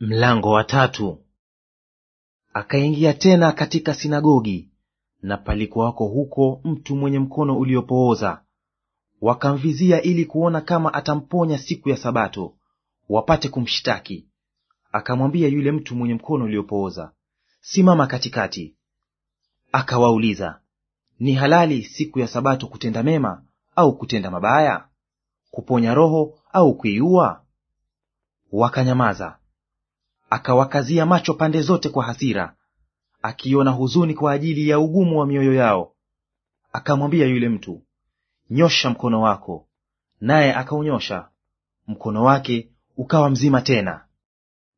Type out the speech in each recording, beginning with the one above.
Mlango wa tatu. Akaingia tena katika sinagogi, na palikuwako huko mtu mwenye mkono uliopooza. Wakamvizia ili kuona kama atamponya siku ya Sabato, wapate kumshtaki. Akamwambia yule mtu mwenye mkono uliopooza, simama katikati. Akawauliza, ni halali siku ya Sabato kutenda mema au kutenda mabaya? Kuponya roho au kuiua? Wakanyamaza akawakazia macho pande zote kwa hasira, akiona huzuni kwa ajili ya ugumu wa mioyo yao. Akamwambia yule mtu, nyosha mkono wako, naye akaunyosha mkono wake ukawa mzima tena.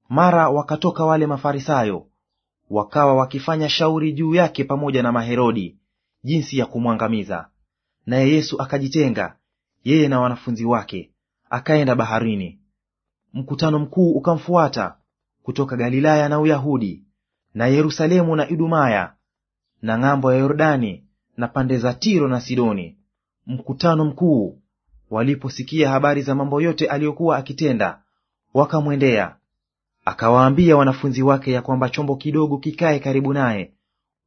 Mara wakatoka wale Mafarisayo wakawa wakifanya shauri juu yake pamoja na Maherodi jinsi ya kumwangamiza. Naye Yesu akajitenga yeye na wanafunzi wake, akaenda baharini. Mkutano mkuu ukamfuata kutoka Galilaya na Uyahudi na Yerusalemu na Idumaya na ng'ambo ya Yordani na pande za Tiro na Sidoni, mkutano mkuu waliposikia habari za mambo yote aliyokuwa akitenda, wakamwendea. Akawaambia wanafunzi wake ya kwamba chombo kidogo kikae karibu naye,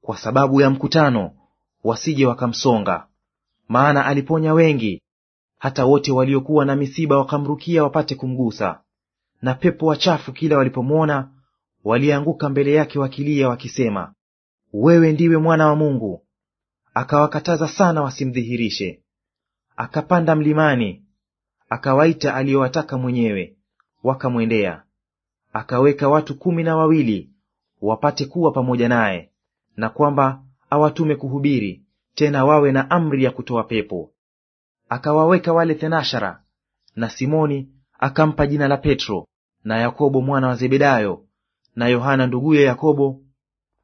kwa sababu ya mkutano, wasije wakamsonga. Maana aliponya wengi, hata wote waliokuwa na misiba wakamrukia wapate kumgusa na pepo wachafu kila walipomwona walianguka mbele yake wakilia wakisema, wewe ndiwe mwana wa Mungu. Akawakataza sana wasimdhihirishe. Akapanda mlimani, akawaita aliyowataka mwenyewe, wakamwendea. Akaweka watu kumi na wawili wapate kuwa pamoja naye, na kwamba awatume kuhubiri, tena wawe na amri ya kutoa pepo. Akawaweka wale thenashara, na Simoni akampa jina la Petro, na Yakobo mwana wa Zebedayo na Yohana nduguye Yakobo,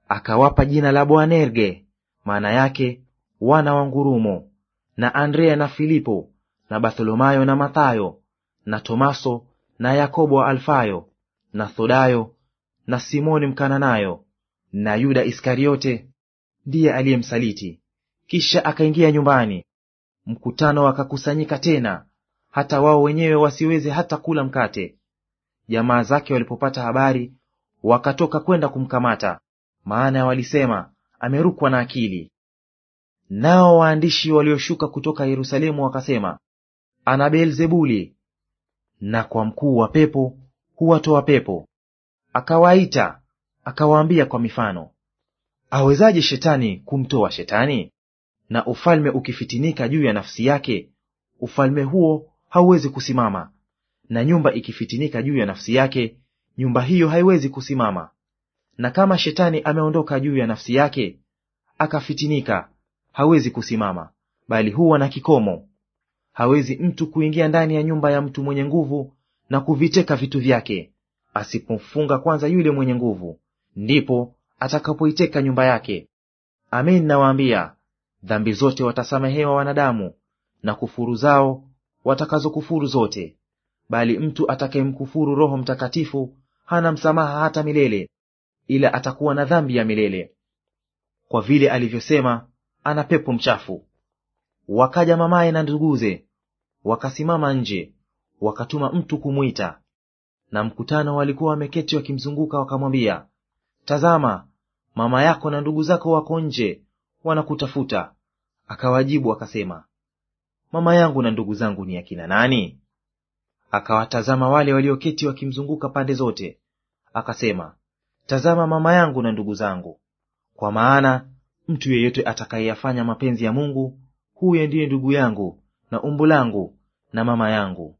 akawapa jina la Boanerge, maana yake wana wa ngurumo, na Andrea na Filipo na Bartholomayo na Mathayo na Tomaso na Yakobo wa Alfayo na Thodayo na Simoni Mkananayo na Yuda Iskariote ndiye aliyemsaliti. Kisha akaingia nyumbani. Mkutano wakakusanyika tena, hata wao wenyewe wasiweze hata kula mkate jamaa zake walipopata habari wakatoka kwenda kumkamata, maana walisema amerukwa na akili. Nao waandishi walioshuka kutoka Yerusalemu wakasema, ana Beelzebuli, na kwa mkuu wa pepo huwatoa pepo. Akawaita akawaambia kwa mifano, awezaje shetani kumtoa shetani? Na ufalme ukifitinika juu ya nafsi yake, ufalme huo hauwezi kusimama na nyumba ikifitinika juu ya nafsi yake, nyumba hiyo haiwezi kusimama. Na kama shetani ameondoka juu ya nafsi yake akafitinika, hawezi kusimama, bali huwa na kikomo. Hawezi mtu kuingia ndani ya nyumba ya mtu mwenye nguvu na kuviteka vitu vyake, asipomfunga kwanza yule mwenye nguvu, ndipo atakapoiteka nyumba yake. Amin, nawaambia, dhambi zote watasamehewa wanadamu, na kufuru zao watakazokufuru zote. Bali mtu atakayemkufuru Roho Mtakatifu hana msamaha hata milele, ila atakuwa na dhambi ya milele, kwa vile alivyosema ana pepo mchafu. Wakaja mamaye na nduguze, wakasimama nje, wakatuma mtu kumwita. Na mkutano walikuwa wameketi wakimzunguka, wakamwambia, Tazama, mama yako na ndugu zako wako nje, wanakutafuta. Akawajibu akasema, mama yangu na ndugu zangu ni akina nani? akawatazama wale walioketi wakimzunguka pande zote, akasema, tazama mama yangu na ndugu zangu, kwa maana mtu yeyote atakayeyafanya mapenzi ya Mungu, huyo ndiye ndugu yangu na umbu langu na mama yangu.